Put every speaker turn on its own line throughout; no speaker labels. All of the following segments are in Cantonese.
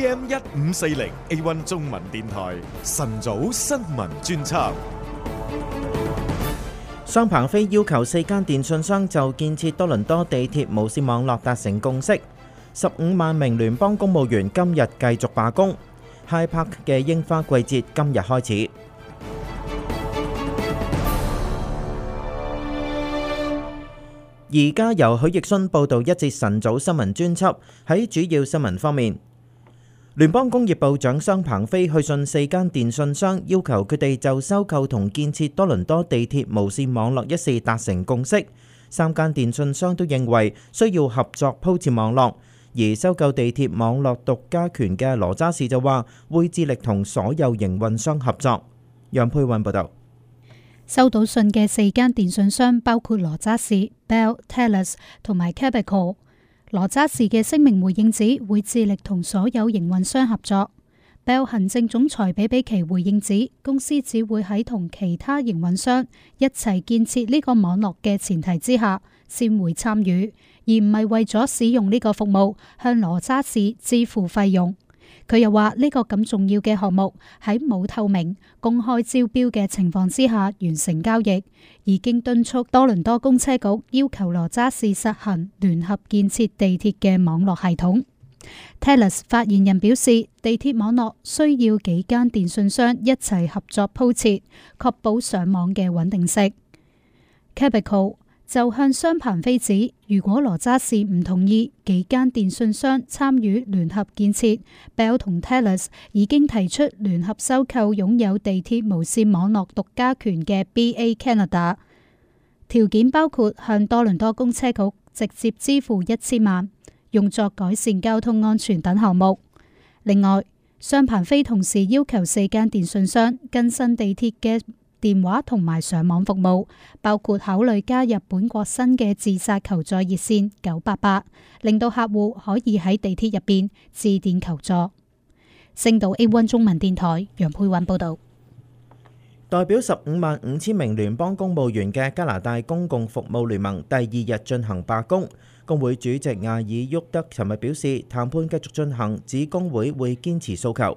am 一五四零 A One 中文電台晨早新聞專輯。雙鵬飛要求四間電信商就建設多倫多地鐵無線網絡達成共識。十五萬名聯邦公務員今日繼續罷工。High Park 嘅櫻花季節今日開始。而家由許奕迅報道一節晨早新聞專輯。喺主要新聞方面。聯邦工業部長商鵬飛去信四間電信商，要求佢哋就收購同建設多倫多地鐵無線網絡一事達成共識。三間電信商都認為需要合作鋪設網絡，而收購地鐵網絡獨家權嘅羅渣士就話會致力同所有營運商合作。楊佩韻報道。
收到信嘅四間電信商包括羅渣士、Bell、Telus 同埋 Quebecor。羅渣士嘅聲明回應指，會致力同所有營運商合作。Bell 行政總裁比比奇回應指，公司只會喺同其他營運商一齊建設呢個網絡嘅前提之下，先會參與，而唔係為咗使用呢個服務向羅渣士支付費用。佢又話：呢個咁重要嘅項目喺冇透明公開招標嘅情況之下完成交易，已經敦促多倫多公車局要求羅渣士實行聯合建設地鐵嘅網絡系統。Telus 發言人表示，地鐵網絡需要幾間電訊商一齊合作鋪設，確保上網嘅穩定性。Capitol 就向商彭飛指，如果羅渣士唔同意幾間電信商參與聯合建設，Bell 同 Telus 已經提出聯合收購擁有地鐵無線網絡獨家權嘅 B A Canada，條件包括向多倫多公車局直接支付一千萬，用作改善交通安全等項目。另外，商彭飛同時要求四間電信商更新地鐵嘅。電話同埋上網服務，包括考慮加入本國新嘅自殺求助熱線九八八，令到客戶可以喺地鐵入邊致電求助。星島 A1 中文電台楊佩韻報道，
代表十五萬五千名聯邦公務員嘅加拿大公共服務聯盟第二日進行罷工，工會主席艾爾沃德尋日表示談判繼續進行，指工會會堅持訴求。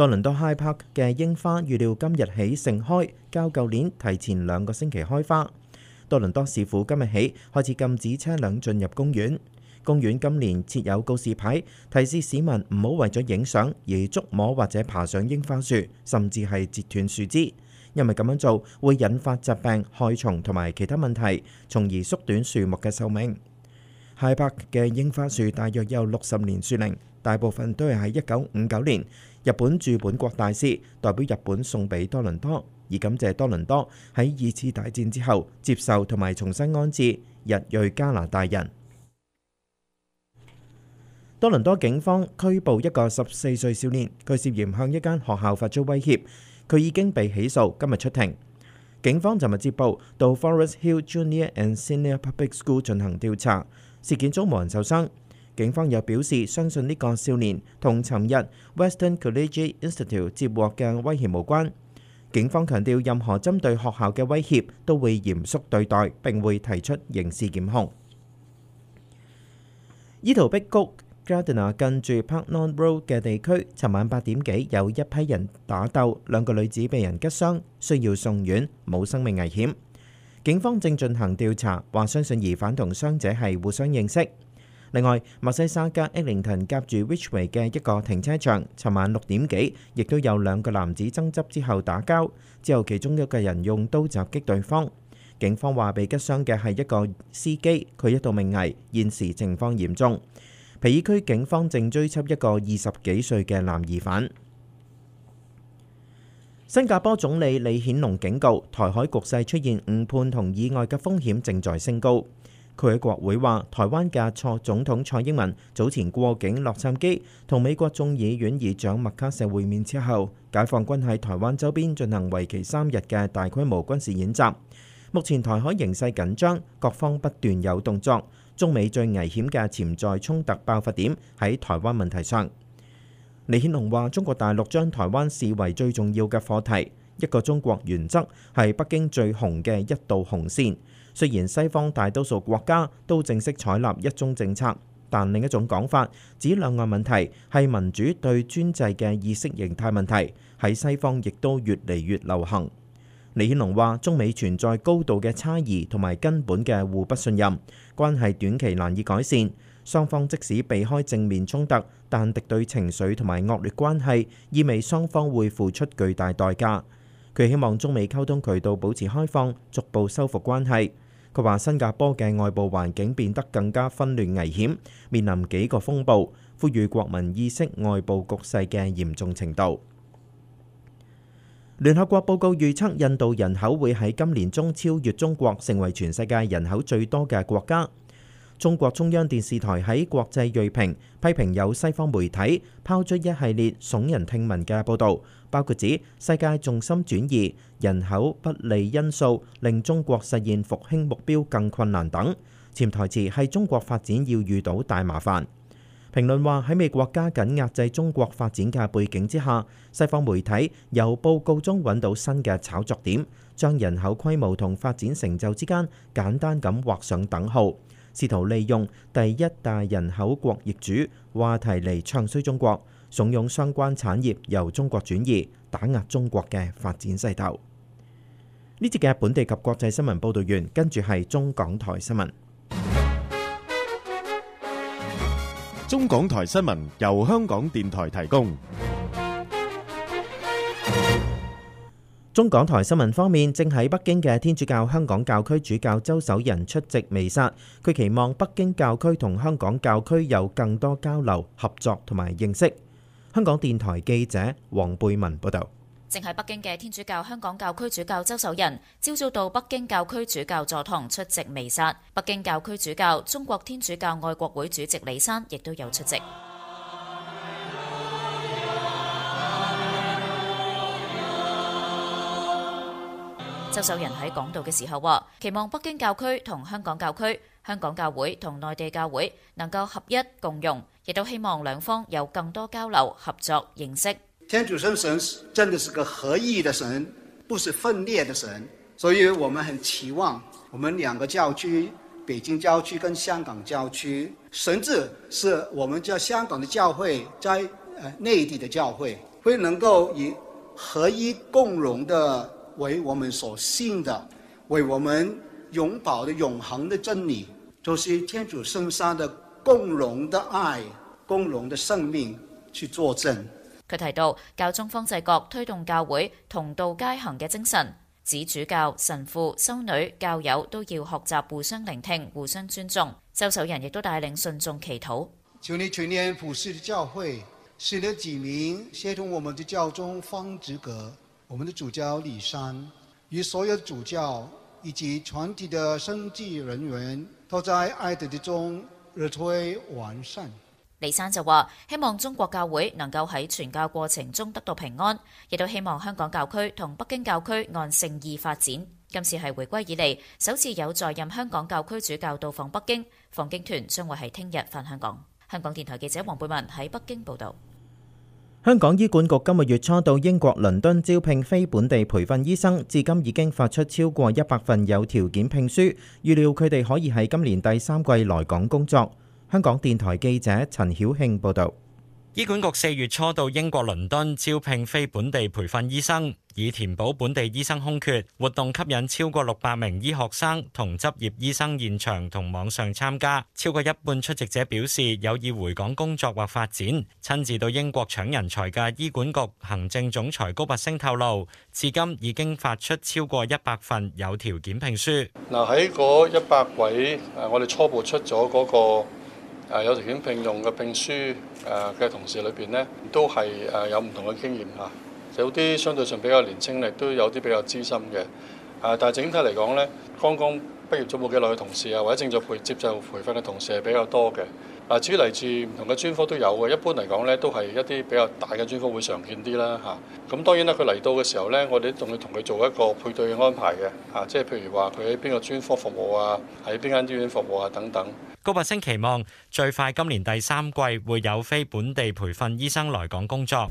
多倫多 High Park 嘅櫻花預料今日起盛開，較舊年提前兩個星期開花。多倫多市府今日起開始禁止車輛進入公園。公園今年設有告示牌，提示市民唔好為咗影相而觸摸或者爬上櫻花樹，甚至係截斷樹枝，因為咁樣做會引發疾病、害蟲同埋其他問題，從而縮短樹木嘅壽命。High Park 嘅櫻花樹大約有六十年樹齡。大部分都係喺一九五九年，日本駐本國大使代表日本送俾多倫多，而感謝多倫多喺二次大戰之後接受同埋重新安置日裔加拿大人。多倫多警方拘捕一個十四歲少年，佢涉嫌向一間學校發出威脅，佢已經被起訴，今日出庭。警方尋日接報到 Forest Hill Junior and Senior Public School 進行調查，事件中無人受傷。警方又表示，相信呢個少年同尋日 Western Collegiate Institute 接獲嘅威脅無關。警方強調，任何針對學校嘅威脅都會嚴肅對待，並會提出刑事檢控。伊陶碧谷 （Gardena） 近住 Parkland Road 嘅地區，尋晚八點幾有一批人打鬥，兩個女子被人拮傷，需要送院，冇生命危險。警方正進行調查，話相信疑犯同傷者係互相認識。另外，墨西沙加艾靈頓隔住 Richway 嘅一個停車場，尋晚六點幾，亦都有兩個男子爭執之後打交，之後其中一個人用刀襲擊對方。警方話被拮傷嘅係一個司機，佢一度命危，現時情況嚴重。皮爾區警方正追緝一個二十幾歲嘅男疑犯。新加坡總理李顯龍警告，台海局勢出現誤判同意外嘅風險正在升高。佢喺國會話：台灣嘅蔡總統蔡英文早前過境洛杉磯，同美國眾議院議長麥卡錫會面之後，解放軍喺台灣周邊進行為期三日嘅大規模軍事演習。目前台海形勢緊張，各方不斷有動作，中美最危險嘅潛在衝突爆發點喺台灣問題上。李顯龍話：中國大陸將台灣視為最重要嘅課題，一個中國原則係北京最紅嘅一道紅線。雖然西方大多數國家都正式採納一中政策，但另一種講法指兩岸問題係民主對專制嘅意識形態問題，喺西方亦都越嚟越流行。李顯龍話：中美存在高度嘅差異同埋根本嘅互不信任，關係短期難以改善。雙方即使避開正面衝突，但敵對情緒同埋惡劣關係意味雙方會付出巨大代價。佢希望中美溝通渠道保持開放，逐步修復關係。佢話：新加坡嘅外部環境變得更加紛亂危險，面臨幾個風暴，呼籲國民意識外部局勢嘅嚴重程度。聯合國報告預測，印度人口會喺今年中超越中國，成為全世界人口最多嘅國家。中國中央電視台喺國際銳評批評有西方媒體拋出一系列聳人聽聞嘅報導，包括指世界重心轉移、人口不利因素令中國實現復興目標更困難等，潛台詞係中國發展要遇到大麻煩。評論話喺美國加緊壓制中國發展嘅背景之下，西方媒體由報告中揾到新嘅炒作點，將人口規模同發展成就之間簡單咁畫上等號。試圖利用第一大人口國業主話題嚟唱衰中國，慫恿相關產業由中國轉移，打壓中國嘅發展勢頭。呢節嘅本地及國際新聞報導員，跟住係中港台新聞。中港台新聞由香港電台提供。中港台新聞方面，正喺北京嘅天主教香港教區主教周守仁出席彌撒。佢期望北京教區同香港教區有更多交流、合作同埋認識。香港電台記者黃貝文報道。
正喺北京嘅天主教香港教區主教周守仁，朝早到北京教區主教座堂出席彌撒。北京教區主教、中國天主教愛國會主席李山亦都有出席。周守仁喺講道嘅時候話：期望北京教區同香港教區、香港教會同內地教會能夠合一共融，亦都希望兩方有更多交流、合作、認識。
天主聖神，神真的是個合一的神，不是分裂的神，所以我們很期望我們兩個教區，北京教區跟香港教區，甚至是我們在香港的教會，在誒內地的教會，會能夠以合一共融的。為我們所信的，為我們永保的永恆的真理，就是天主聖三的共融的愛、共融的生命去作證。
佢提到教宗方濟各推動教會同道偕行嘅精神，指主教、神父、修女、教友都要學習互相聆聽、互相尊重。周守仁亦都帶領信眾祈禱。
求你眷念普世的教會，使得子民協同我們的教宗方濟各，我們的主教李山與所有主教以及團體的生職人員都在愛德中日趨
完善。李山就話，希望中國教會能夠喺傳教過程中得到平安，亦都希望香港教區同北京教區按誠意發展。今次係回歸以嚟首次有在任香港教區主教到訪北京，訪京團將會係聽日返香港。香港電台記者黃貝文喺北京報道。
香港醫管局今個月初到英國倫敦招聘非本地培訓醫生，至今已經發出超過一百份有條件聘書，預料佢哋可以喺今年第三季來港工作。香港電台記者陳曉慶報道。
醫管局四月初到英國倫敦招聘非本地培訓醫生，以填補本地醫生空缺。活動吸引超過六百名醫學生同執業醫生現場同網上參加，超過一半出席者表示有意回港工作或發展。親自到英國搶人才嘅醫管局行政總裁高拔陞透露，至今已經發出超過一百份有條件聘書。
嗱，喺嗰一百位，誒，我哋初步出咗嗰、嗰個。誒有條件聘用嘅聘書誒嘅同事裏邊咧，都係誒有唔同嘅經驗嚇，有啲相對上比較年青，亦都有啲比較資深嘅誒。但係整體嚟講呢，剛剛畢業咗冇幾耐嘅同事啊，或者正在培接受培訓嘅同事係比較多嘅。嗱，至於嚟自唔同嘅專科都有嘅，一般嚟講咧，都係一啲比較大嘅專科會常見啲啦，嚇。咁當然啦，佢嚟到嘅時候咧，我哋仲要同佢做一個配對嘅安排嘅，嚇，即係譬如話佢喺邊個專科服務啊，喺邊間醫院服務啊等等。
高拔陞期望最快今年第三季會有非本地培訓醫生來港工作。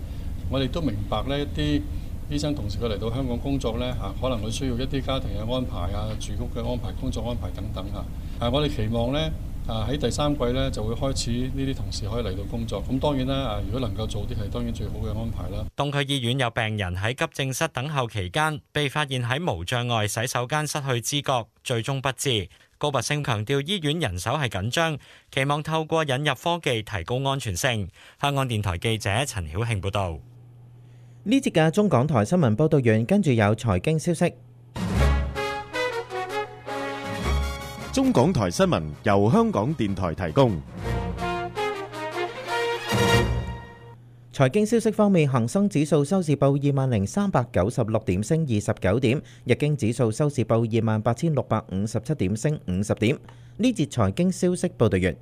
我哋
都明白呢，一啲醫生同事佢嚟到香港工作咧，嚇，可能佢需要一啲家庭嘅安排啊、住屋嘅安排、工作安排等等嚇。係我哋期望咧。啊！喺第三季咧就會開始呢啲同事可以嚟到工作。咁當然啦，啊！如果能夠早啲係當然最好嘅安排啦。
東區醫院有病人喺急症室等候期間，被發現喺無障礙洗手間失去知覺，最終不治。高拔昇強調醫院人手係緊張，期望透過引入科技提高安全性。香港電台記者陳曉慶報導。
呢節嘅中港台新聞報導完，跟住有財經消息。中港台新聞由香港電台提供。財經消息方面，恒生指數收市報二萬零三百九十六點，升二十九點；日經指數收市報二萬八千六百五十七點，升五十點。呢節財經消息報道完。